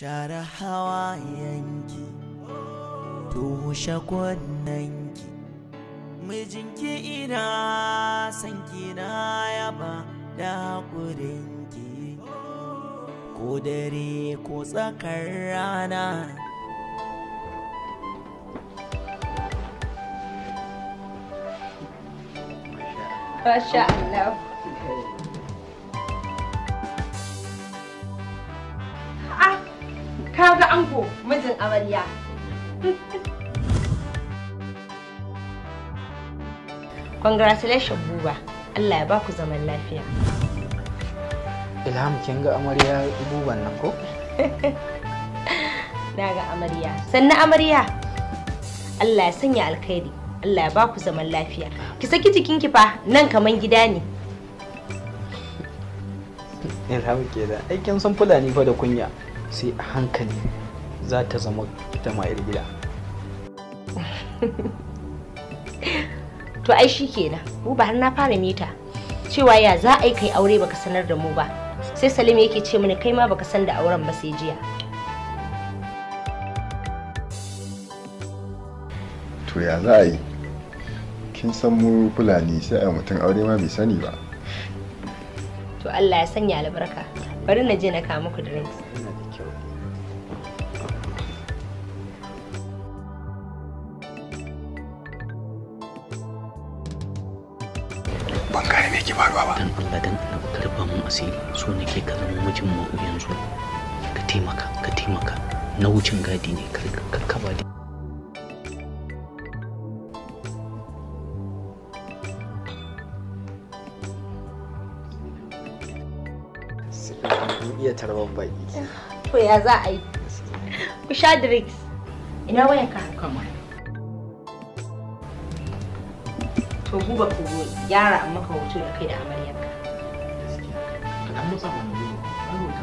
share hawayenki toshe kunnanki mijinki ina sanki na yaba da ƙurinki ko dare ko tsakar rana Masha Allah. kaga ango mijin amarya congratulations buba allah ya baku zaman lafiya ilham kin ga amarya buban nan ko na ga amarya sannan amarya allah ya sanya alkhairi allah ya baku zaman lafiya ki saki ki fa nan kaman gida ne ilham ke da aikin sun fulani fa da kunya sai a hankali za ta zama ita ma gida. to ai shi kenan mu ba har na fara mita cewa ya za a yi kai aure baka sanar da mu ba sai salim yake ce mini kai ma baka san da auren ba sai jiya to ya za a yi kin san mu fulani sai a mutum aure ma bai sani ba to Allah ya sanya albarka bari na je na kawo muku drinks Allah dan annabi ka rufa asiri so nake ka zama mijin ma'u yanzu ka taimaka ka taimaka na wucin gadi ne ka kaba da iya baki ya za a yi ku sha drinks ina wayanka kamar to guba ku gyara amma ka hoto da kai da amaryarka 看不上我们这种，那我相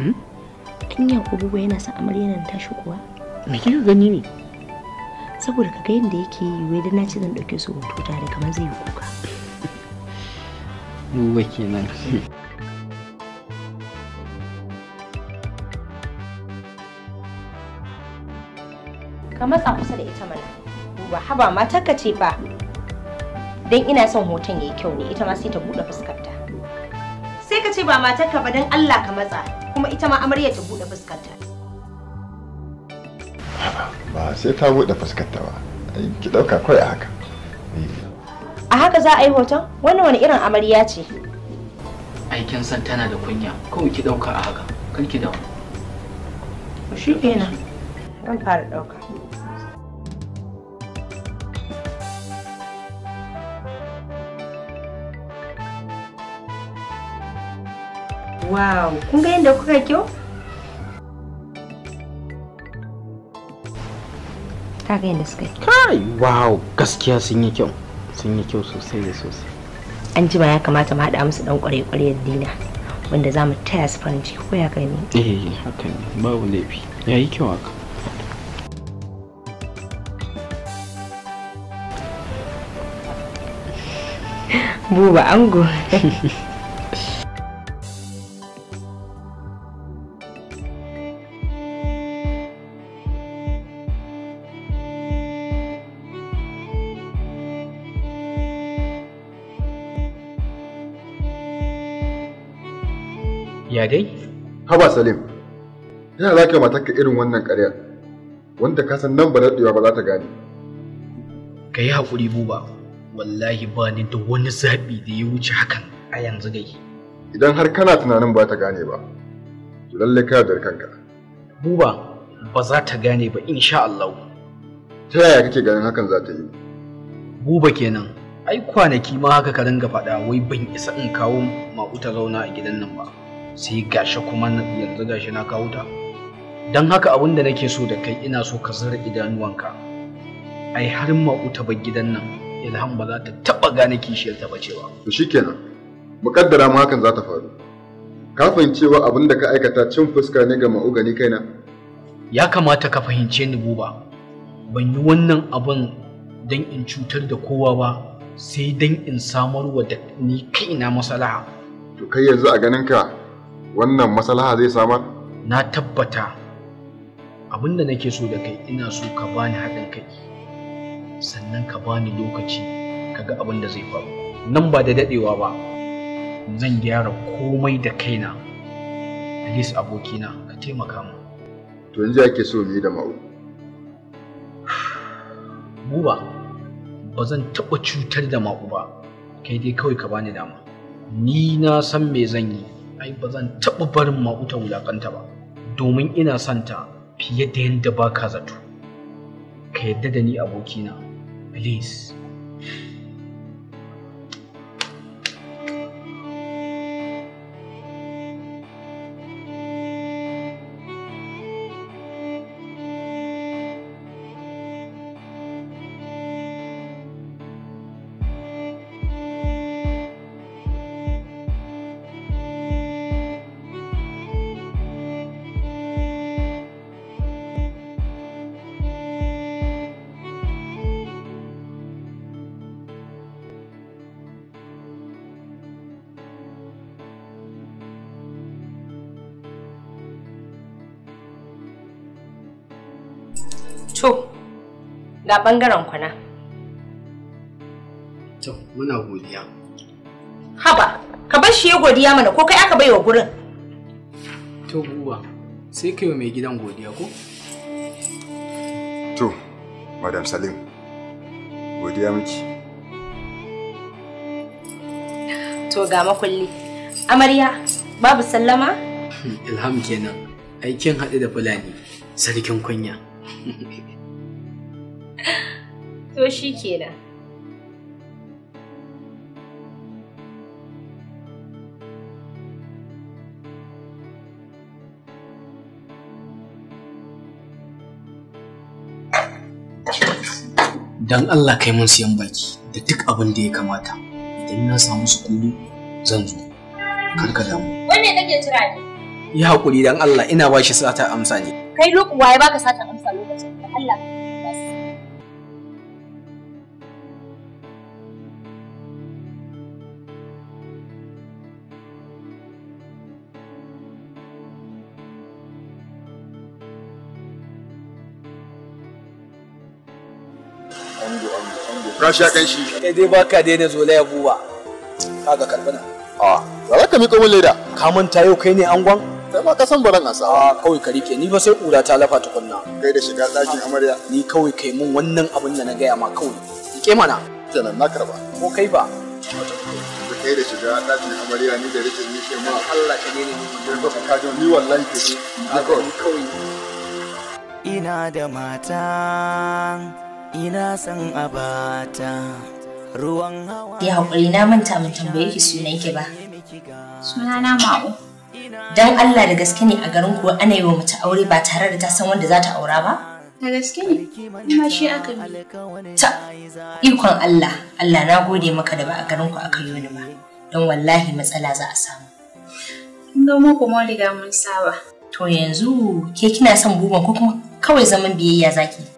信你。Tun Yakubu ba yana son amaryar nan tashi kuwa? Me kika gani ne? Saboda ka ga da yake yi wai dan na ce zan dauke su hoto tare kamar zai yi kuka. Duba kenan. Ka matsa kusa da ita mana. ba haba matar ka ce ba. dan ina son hoton yayi kyau ne ita ma sai ta bude fuskarta sai ka ce ba matar ka ba dan Allah ka matsa kuma ita ma amarya ta bude fuskarta ba sai ta bude fuskarta ba ki dauka kai a haka a haka za a yi hoton wannan wani irin amarya ce aikin san tana da kunya kawai ki dauka a haka kan ki dawo shi kenan zan fara dauka wow kun ga yadda kuka kyau ta ga yadda suka yi kai wow gaskiya sun yi kyau sun yi kyau sosai da sosai an ji ba ya kamata mu haɗa musu ɗan ƙware-ƙware dina wanda za mu taya su farin ciki ko ya kai ne eh haka ne babu laifi ya yi kyau haka buba ango haba salim yana za ka matarka irin wannan ƙaryar wanda ka san nan ba ɗewa ba za ta gane ka yi haƙuri buba wallahi ba ni da wani zaɓi da ya wuce hakan a yanzu gai idan har kana tunanin ba ta gane ba to lalle ka da kanka buba ba za ta gane ba insha Allah ta yaya kake ganin hakan za ta yi buba kenan ai kwanaki ma haka ka ringa faɗa wai ban isa in kawo ta zauna a gidan nan ba sai gashi kuma yanzu gashi na kawo ta don haka abin da nake so da kai ina so ka zara idanuwanka ai har ma'u ta bar gidan nan ilham ba za ta taba gane kishiyar ta bacewa to shikenan mukaddara ma hakan za ta faru ka fahimcewa abin da ka aikata cin fuska ne ga ma'u gani kaina ya kamata ka fahimce ni buba ban yi wannan abun don in cutar da kowa ba sai don in samar wa da ni kaina masalaha to kai yanzu a ganin ka wannan maslaha zai samar na tabbata abinda nake so da kai ina so ka bani haɗin kai sannan ka bani lokaci ka ga da zai faru nan ba da daɗewa ba zan gyara komai da kaina Alis abokina ka taimaka mu to yanzu ake so da ma'u buba ba zan taɓa cutar da ma'u ba kai dai kawai ka bani dama ni na san me zan yi ai ba zan taɓa barin ma'uta wulakanta ba domin ina son ta fiye da yadda ba ka zato ka yadda da ni abokina please ga bangaren ku na. To, muna godiya. Haba, ka bar shi ya godiya mana ko kai aka baiwa gurin. To, buwa, sai kai mai gidan godiya ko? To, Madam Salim, godiya miki. To, ga makulli. Amarya, babu sallama? Ilham kenan, aikin haɗu da Fulani, sarkin kunya. to shi kenan. Dan Allah kai mun siyan baki da duk abin da ya kamata. Idan na samu sukuni zan zo. Kar ka damu. Wanne kake jira ne? Yi haƙuri dan Allah ina ba shi sata amsa ne. Kai lokacin waye baka sata amsa lokacin da Allah. ka sha kan shi kai dai baka daina zola ya buwa kaga karbana a ba za ka miƙo min leda ka manta yau kai ne angon Sai ma ka san baran asa a kawai ka rike ni ba sai ƙura ta lafa tukunna kai da shiga ɗakin amarya ni kawai kai mun wannan abin da na gaya ma kawai rike mana kenan na karba ko kai ba da kai da shiga ɗakin amarya ni da rike ni ke ma Allah ka ne ni ba ka kajo ni wallahi ke ni kawai ina da mata ina san abata ruwan hawa ya hakuri na manta mun tambaye ki sunan ki ba Suna na ma'u dan Allah da gaske ne a garin ku ana yi wa mace aure ba tare da ta san wanda za ta aura ba da gaske ne kuma shi aka yi ta ikon Allah Allah na gode maka da ba a garin ku aka yi ni ba don wallahi matsala za a samu ga mu kuma riga mun saba to yanzu ke kina son buban ko kuma kawai zaman biyayya zaki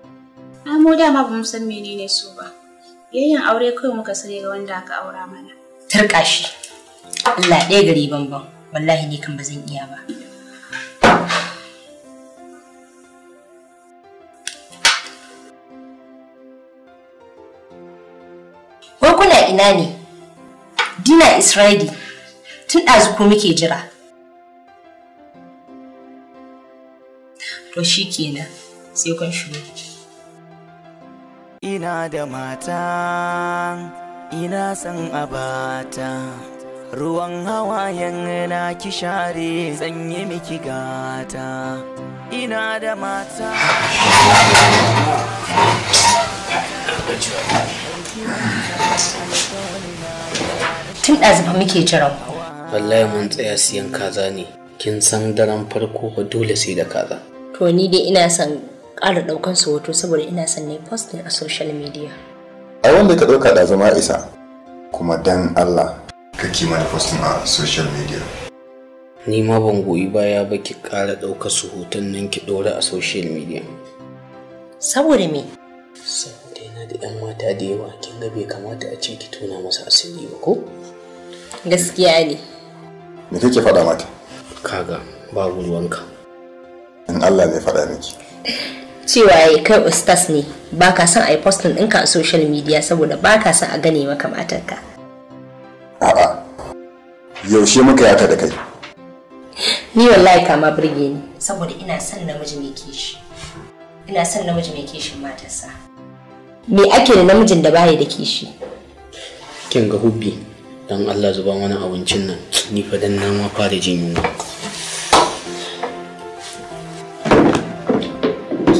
Amo dama ba mu san menene su ba. Yayin aure kai muka sare ga wanda aka aura mana. Tarka shi. Allah ɗaya gari banban. Wallahi ni kan ba zan iya ba. Ko kuna ina ne? Dina is ready. Tun ɗazu ko muke jira. To shi kenan sai kun shigo. ina da mata ina san abata ruwan hawayen na ki share miki gata ina da mata tun ɗazufa muke jiran wallahi mun tsaya siyan kaza ne kin san daren farko ba dole sai da kaza to ni dai ina son ƙara ɗaukan su hoto saboda ina son ne posting a social media a wanda ka ɗauka da zama isa kuma dan allah ka kima da posting a social media ni ma ban goyi baya ba ki ƙara ɗaukar su hoton nan ki ɗora a social media saboda me saboda yana da 'yan mata da yawa kin ga bai kamata a ce ki tona masa asiri ba ko gaskiya ne me kake faɗa mata kaga ba ruwanka in allah ne faɗa miki cewa ya kai ustas ne ba ka son a yi postin ɗinka a social media saboda ba ka son a gane maka matarka. A'a, yaushe muka yata da kai. Ni wallahi kama birge ni saboda ina son namiji mai kishi. Ina son namiji mai kishin matarsa. Me ake da namijin da baya da kishi? Kin ga hubbi, don Allah zuba wani abincin nan, ni fa dan na ma fara jin yunwa.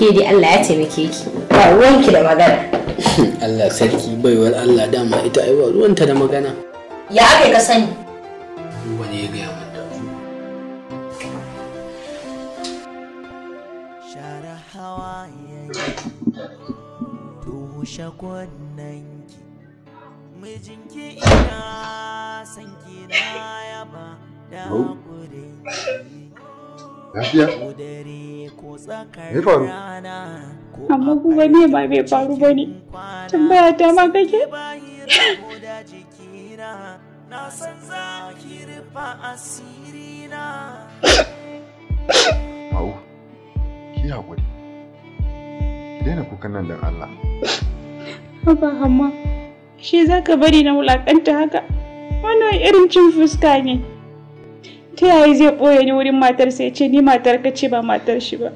ke dai Allah ya taimake ki ba ruwanki da magana Allah sarki baiwar Allah dama ita ai ba ruwanta da magana ya ake ka sani wani ya gaya min da shara hawa tushe kwanan ki mijinki ina san ki na yaba da hakurin Lafiya? Me faru? Amma kuma ne ba bai faru ba ne. Tambaya ta ma kake? Na san za ki Mau, ki haƙuri. Daina kukan nan don Allah. Haba hamma, shi za ka bari na wulaƙanta haka? Wannan irin cin fuska ne. ta yaya zai ɓoye ni wurin matar sai ce ni matar ka ce ba matar shi ba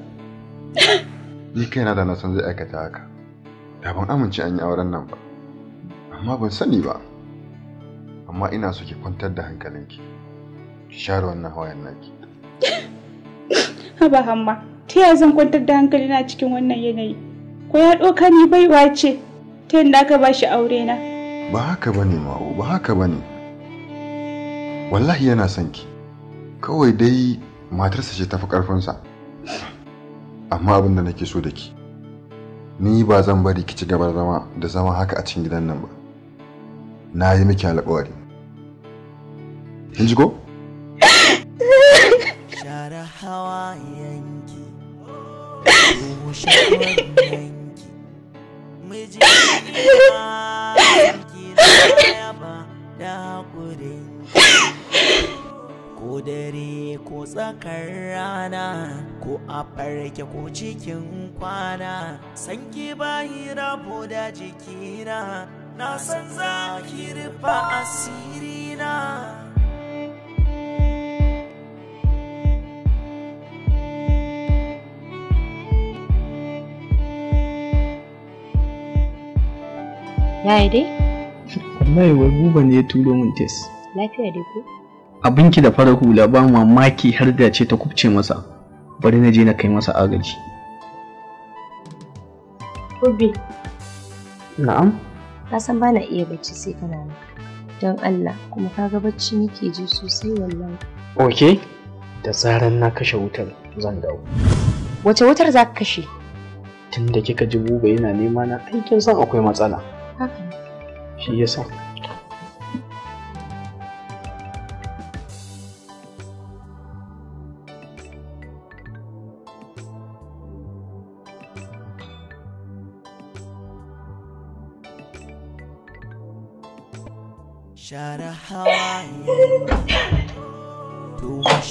ni kaina da na san zai aikata haka da ban amince an yi auren nan ba amma ban sani ba amma ina so ki kwantar da hankalinki ki share wannan hawayen naki haba hamma ta yaya zan kwantar da hankalina cikin wannan yanayi ko ya ɗoka ni baiwa ce ta yadda aka ba shi aure na ba haka bane ma'u ba haka bane wallahi yana son ki kawai dai matarsa ce tafi ƙarfinsa amma abin da nake so da ki ni ba zan bari ki ci gaba zama da zama haka a cikin gidan nan ba na yi miki alƙawari kin ji ko ko dare ko tsakar rana ko a farke ko cikin kwana san ki bayi rabo da jikina na san za ki rufa asirina Yaya dai? yi wai buba ne ya turo mun tes. Lafiya dai ko? abinki da farar hula ba mamaki har da ce ta kubce masa bari na je na kai masa agaji Rubi. Na'am. Ka san ba na iya bacci sai kana nan. Don Allah kuma ka ga bacci nake ji sosai wallahi. Ok, da zaran na kashe wutar zan dawo. Wace wutar za ka kashe? Tun da kika ji buba yana nema na aikin san akwai matsala. Haka ne. Shi yasa.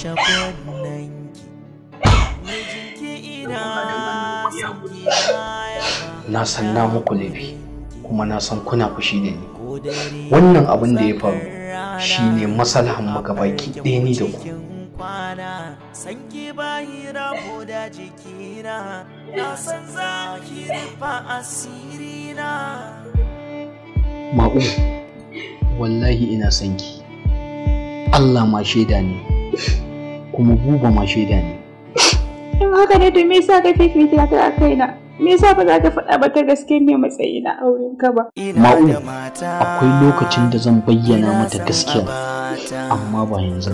kashe ki mijinki ina na san na muku laifi kuma na san kuna fushi da ni wannan abin da ya faru shine masalahan magabaki ɗaya ni da ku sanki bayi rabo da jikina na san za ki rufa asirina ma'u wallahi ina sanki Allah ma shaida ne kuma buba ma shaida ne in haka ne to me yasa ka fifita ta a kaina me yasa ba za ka faɗa ba ta gaske me matsayi na auren ka ba ma'u akwai lokacin da zan bayyana mata gaskiya amma ba yanzu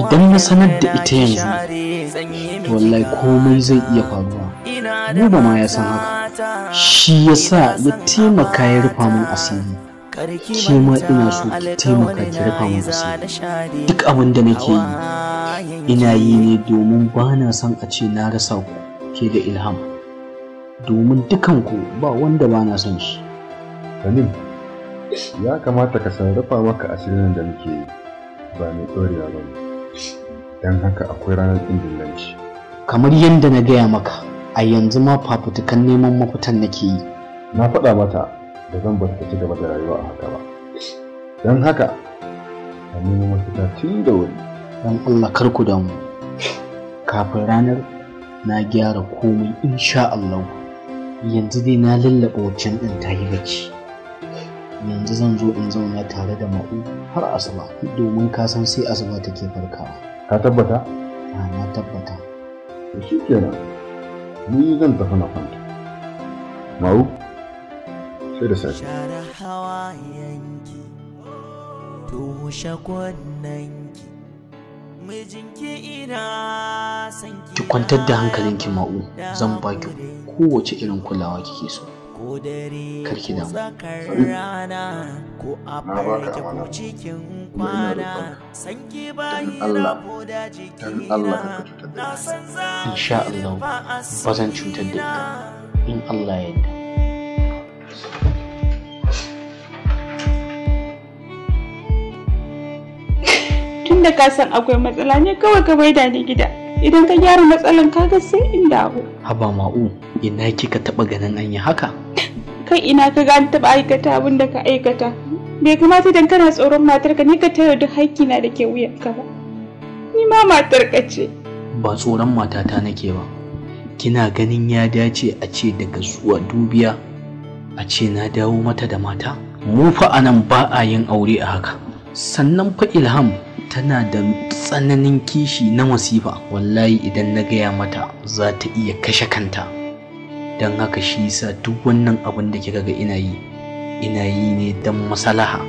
idan na sanar da ita yanzu wallahi komai zai iya faruwa buba ma ya san haka shi yasa ya taimaka ya rufa min asiri shi ma ina so taimaka ki rufa mu duk abin da nake yi ina yi ne domin ba na son a ce na rasa ku ke da ilham domin dukanku ba wanda ba na son shi Tamim ya kamata ka sarrafa maka asirin da muke yi ba mai ɗorewa ba ne don haka akwai ranar ɗin dillanci kamar yadda na gaya maka a yanzu ma fafutukan neman mafutan nake yi na faɗa mata da zan ba ta ci gaba da rayuwa a haka ba don haka a nemi mafita tun da wuri don Allah karku ku damu kafin ranar na gyara komai insha Allah yanzu dai na lallaba waccan ɗin ta yi bacci yanzu zan zo in zauna tare da ma'u har asuba domin ka san sai asuba take farkawa ka tabbata ah, na tabbata shi kenan ni zan tafi na kwanta ma'u ki kwantar da hankalinki ma'u zan baki kowace irin kulawa kike so karki damu na baka amana kwana san ki bayi rabo da jikina na san za ba zan cutar da ita in Allah ya yarda tunda ka san akwai matsala ne kawai ka bai da ni gida idan ka gyara matsalan ga sai in dawo haba ma'u ina kika taba ganin an haka kai ina ka ga taba aikata abin da ka aikata bai kamata dan kana tsoron matar ka ni ka tayar duk haƙƙi na da ke wuyan ka ba ni ma matar ka ce ba tsoron matata nake ba kina ganin ya dace a ce daga zuwa dubiya a ce na dawo mata da mata mu fa anan ba a yin aure a haka sannan fa ilham tana da tsananin kishi na masifa wallahi idan na gaya mata za ta iya kashe kanta don haka shi sa duk wannan abin da kika ga ina yi ina yi ne don masalaha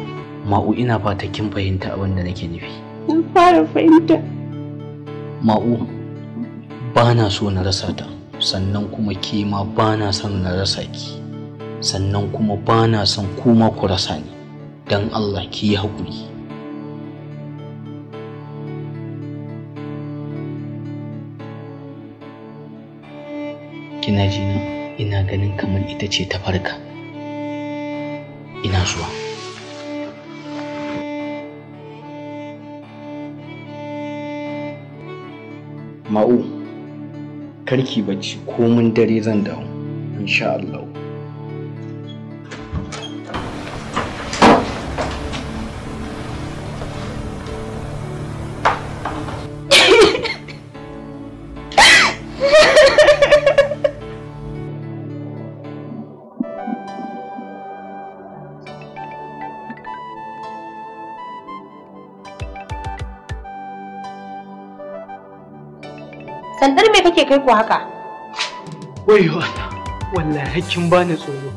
ma'u ina fata kin fahimta abin da nake nufi na fara fahimta ma'u ba na so na rasa ta sannan kuma ke ma ba na son na rasa ki sannan kuma ba na son kuma ku rasa ni don allah ki yi haƙuri kina na ina ganin kamar ita ce ta farka ina zuwa ma'u karki bacci komin dare zan dawo insha Allah kake kai ku haka? Wayo Allah, wallahi kin bani tsoro.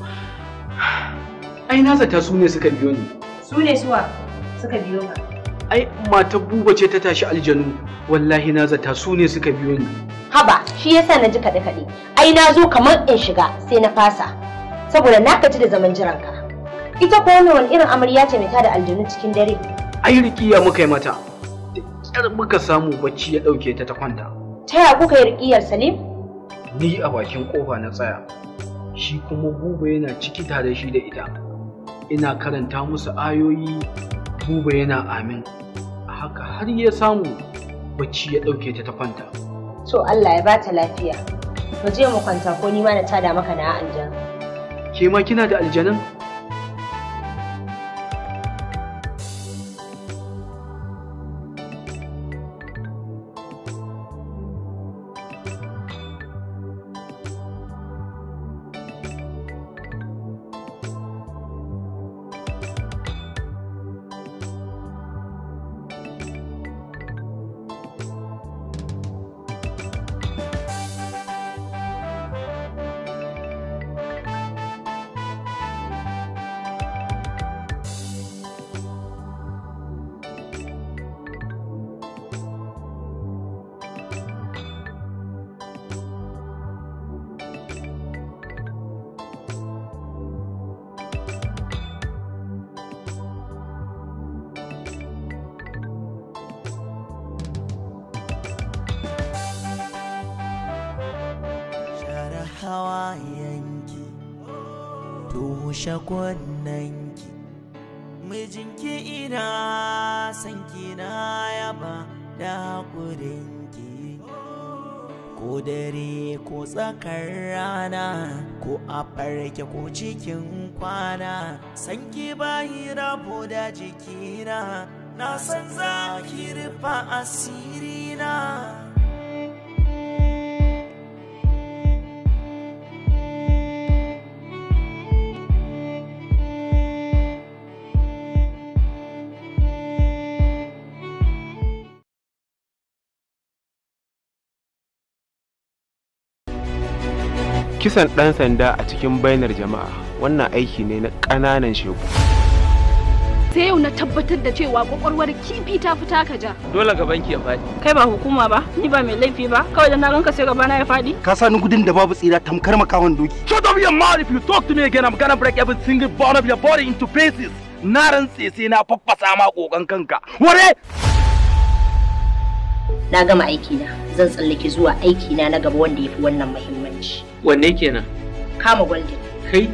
Ai na zata su ne suka biyo ni. Su ne suwa suka biyo ka. Ai mata buba ce ta tashi aljanu, wallahi na zata su ne suka biyo ni. Haba, shi yasa na ji kaɗe kaɗe. Ai na zo kamar in shiga sai na fasa. Saboda na gaji da zaman jiranka. Ita ko wani irin amarya ce mai tada aljanu cikin dare. Ai rikiya muka yi mata. Da muka samu bacci ya ɗauke ta ta kwanta. ta ya kuka yi riƙiyar salim ni a bakin ƙofa na tsaya shi kuma buba yana ciki tare shi da ita ina karanta musu ayoyi buba yana amin haka har ya samu bacci ya ɗauke ta ta kwanta to allah ya bata lafiya mu je mu kwanta ko ni ma na tada maka na aljanu ke ma kina da aljanun iyayenki tushe kwannanki mijinki ina sanki na yaba da ki. ko dare ko tsakar rana ko a farke ko cikin kwana sanki bayi rabo da jikina na san za ki rufa asirina kisan ɗan sanda a cikin bainar jama'a wannan aiki ne na ƙananan shegu sai yau na tabbatar da cewa kwakwalwar kifi ta fita ka ja dole ga banki ya faɗi kai ba hukuma ba ni ba mai laifi ba kawai da na ganka sai gaba na ya faɗi ka sa ni gudun da babu tsira tamkar makawan doki shut up your mouth if you talk to me again i'm gonna break every single bone of your body into pieces na rantse sai na faffasa ma kokan kanka ware na gama aikina zan tsallake zuwa aiki na na gaba wanda yafi wannan muhimmanci wanne kenan kama gwaldin kai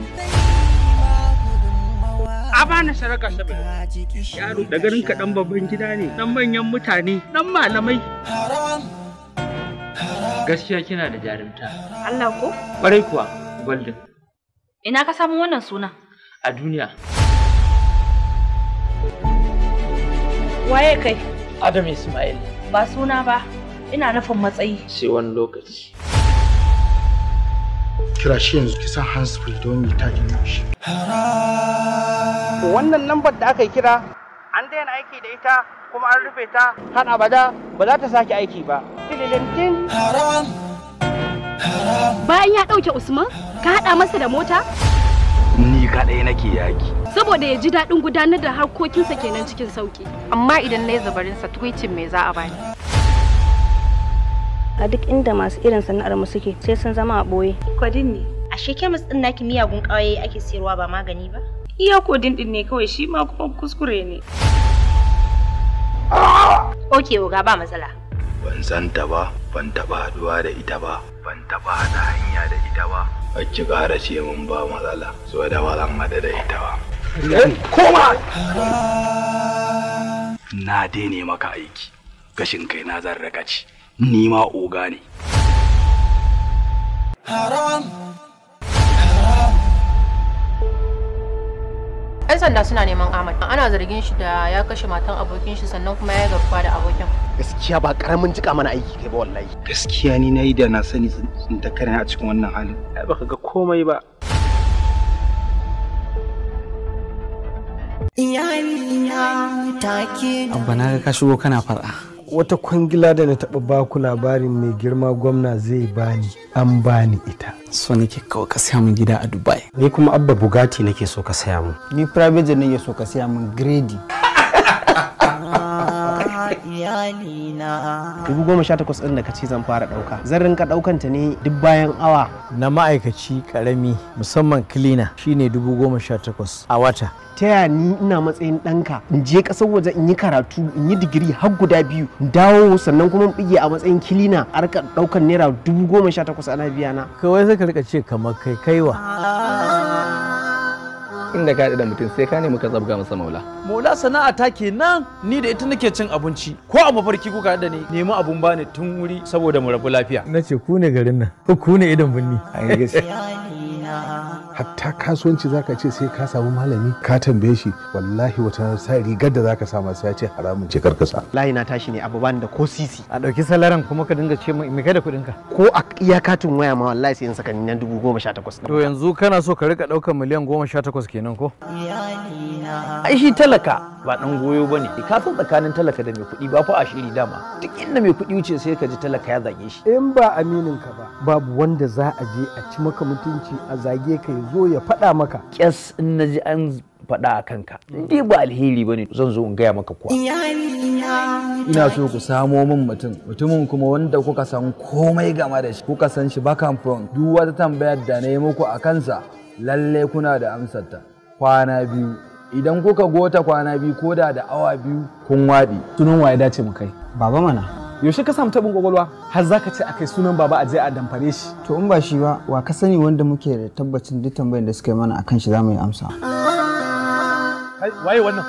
a bani saraka saboda yaro da garin ka dan babban gida ne dan manyan mutane dan malamai gaskiya kina da jarumta Allah ko kwarai kuwa gwaldin ina ka samu wannan suna a duniya waye kai adam ismail ba suna ba ina nufin matsayi sai wani lokaci kira shi yanzu ki sa free don yi tagin shi. Wannan lambar da aka kira an daina aiki da ita kuma an rufe ta har abada ba za ta sake aiki ba. Bayan ya ɗauke Usman, ka haɗa masa da mota? Ni kaɗai nake yaki. Saboda ya ji daɗin gudanar da harkokinsa kenan cikin sauki Amma idan na yi zabarinsa, tuwicin me za a bani? a duk inda masu irin sana'ar mu suke sai sun zama a boye Kwadin ne. Ashe kemis ɗin naki miyagun ƙawaye ake sayarwa ba magani ba? Iya kodin ɗin ne kawai shi ma kuma kuskure ne. Oke oga ba matsala. Ban san ta ba, ban taɓa haɗuwa da ita ba, ban taɓa haɗa hanya da ita ba. Wacce ƙara ce mun ba matsala, so da ba zan haɗa da ita ba. Eh, koma! Na daina maka aiki, gashin kai na zan raka ci. ni ma oga ne yan sanda suna neman Ahmad ana zargin shi da ya kashe matan abokin shi sannan kuma ya garkuwa da abokin gaskiya ba karamin jika mana aiki kai ba wallahi gaskiya ni nayi da na sani sun kare a cikin wannan halin ai baka ga komai ba Abba na ga ka shigo kana fara wata kwangila da na taɓa baku labarin mai girma gwamna zai bani an bani ita so nake kawo ka saya min gida a dubai ni kuma abba bugatti nake so ka saya mun. ni private jet nake so ka saya mun gredi halina dubu goma sha takwas ɗin da ka ce zan fara ɗauka zan rinka ta ne duk bayan awa na ma'aikaci ƙarami musamman kilina shine dubu goma sha takwas a wata ta yaya ni ina matsayin ɗanka in je ƙasar waje in yi karatu in yi digiri har guda biyu in dawo sannan kuma in bige a matsayin kilina a rika ɗaukar naira dubu goma sha takwas ana biya na kawai sai ka rika ce kamar kai kaiwa inda ka da mutum sai ka nemi ka zabga masa maula maula sana'a ta kenan ni da ita nake cin abinci ko a mafarki kuka da ni nemi abun bani tun wuri saboda mu rabu lafiya nace ku ne garin nan ku ne idan bunni hatta kasuwanci zaka ce sai ka samu malami ka tambaye shi wallahi wata sa rigar da zaka sama sai ya ce haramun ce karkasa layi na tashi ne abu da ko sisi a ɗauki salaran kuma ka dinga ce mai kai da ka ko a iya katin waya ma wallahi sai in saka ni dubu goma sha takwas to yanzu kana so ka rika ɗaukar miliyan goma sha takwas kenan ko ai shi talaka ba ɗan goyo ba bane ka san tsakanin talaka da mai kuɗi ba fa shiri dama duk inda mai kuɗi wuce sai ka ji talaka ya zage shi in ba aminin ka ba babu wanda za a je a ci maka mutunci a zage ka ya zo ya faɗa maka kyas in na ji an faɗa a kanka dai ba alheri bane zan zo in gaya maka kuwa ina so ku samo min mutum mutumin kuma wanda kuka san komai game da shi kuka san shi bakan from duk wata tambayar da na yi muku a kansa Lallai, kuna da amsarta kwana biyu idan kuka gota kwana biyu ko da da awa biyu kun waɗi. Sunan ya dace mu kai? Baba mana. Yaushe ka samu tabin kwakwalwa har za ka ce a kai sunan baba a je a damfare shi. To in ba shi ba wa ka sani wanda muke da tabbacin duk tambayar da suka yi mana akan shi za mu yi amsa. Waye wannan?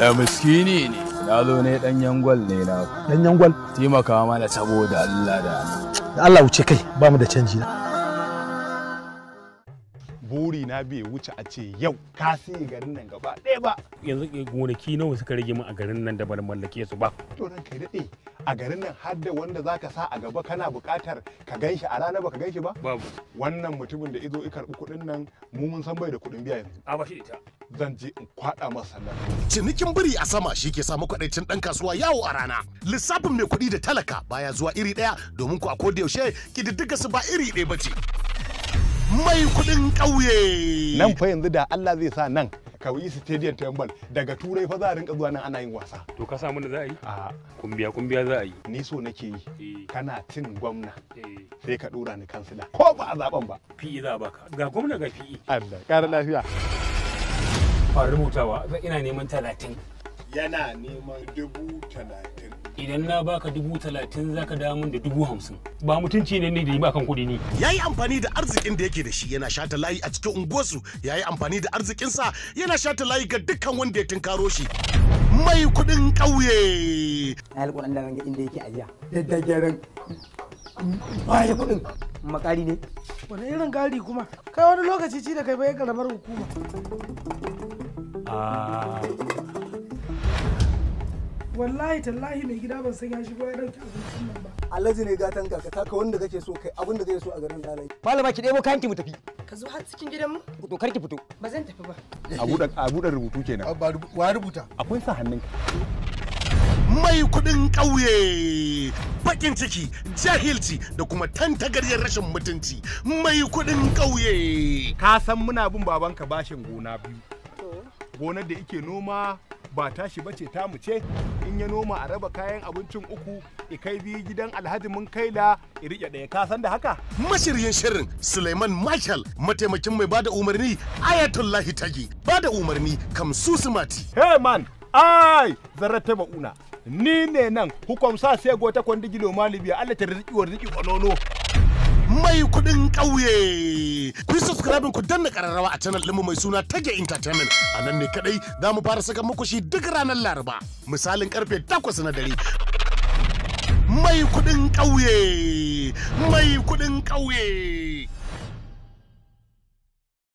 Ya miskini ne. Na zo ne dan yangwal ne na. Dan yangwal? Taimaka mana saboda Allah da Allah. Da Allah wuce kai ba mu da canji na. buri na bai wuce a ce yau ka sai garin nan gaba ɗaya ba yanzu gonaki nawa suka rage mu a garin nan da ban mallake su ba to ran kai daɗe a garin nan har da wanda zaka sa a gaba kana buƙatar ka ganshi a rana ba baka ganshi ba babu wannan mutumin da izo i karɓi kuɗin nan mu mun san bai da kuɗin biya yanzu a ba shi ita zan je in kwada masa nan cinikin biri a sama shi ke samu kwaɗaicin ɗan kasuwa yawo a rana lissafin mai kuɗi da talaka baya zuwa iri ɗaya domin ku a da yaushe ƙididdiga su ba iri ɗaya ba ce mai kudin ƙauye. Nan fa yanzu da Allah zai sa nan kauyi stadium tambal daga turai fa za a rinka zuwa nan ana yin wasa. To ka samu da za a yi? A kumbiya kumbiya za a yi. Ni so nake yi. Eh. Kana tin gwamna. Eh. Sai ka dora ni kansila. Ko ba a zaben ba. Fi e za a baka. Ga gwamna ga fi. E. Allah ƙara lafiya. Fara rubutawa ina neman talatin. yana neman dubu talatin idan na baka dubu talatin za da min da dubu hamsin ba mutunci ne ne da yi ba kan kuɗi ya yi amfani da arzikin da yake da shi yana shata layi a cikin unguwarsu yi amfani da arzikinsa yana shata layi ga dukkan wanda ya tunkaro shi mai kudin ƙauye na yi kuɗin da inda yake ajiya da gyaran baya makari ne wani irin gari kuma kai wani lokaci ci da kai bai karamar hukuma ah. wallahi tallahi mai gida ban san ya shigo ya dauki abincin nan ba alhaji ne gatan ka taka wanda kake so kai abin da kake so a garin dalai malama ki debo kanki mu tafi ka zo har cikin gidanmu to karki fito ba zan tafi ba a buɗe a buɗe rubutu kenan wa rubuta akwai sa hannunka mai kudin ƙauye bakin ciki jahilci da kuma tantagaryar rashin mutunci mai kudin ƙauye ka san muna bin babanka bashin gona biyu gonar da yake noma ba tashi bace ta ce in ya noma a raba kayan abincin uku i kai biyu gidan alhaji mun kai da i rike ɗaya ka san da haka mashiryin shirin suleiman marshal mataimakin mai bada umarni ayatollah tagi bada umarni kamsu sumati hey man ai zarrata ba'una ni ne nan hukumsa sai gota kwandigilo malibiya allah ta riƙi wa riƙi kwanono mai kudin ƙauye. Ku yi subscribe ku danna ƙararrawa a channel ɗinmu mai suna Tage Entertainment. A nan ne kaɗai za mu fara saka muku shi duk ranar Laraba. Misalin karfe takwas na dare. Mai kudin ƙauye. Mai kudin ƙauye.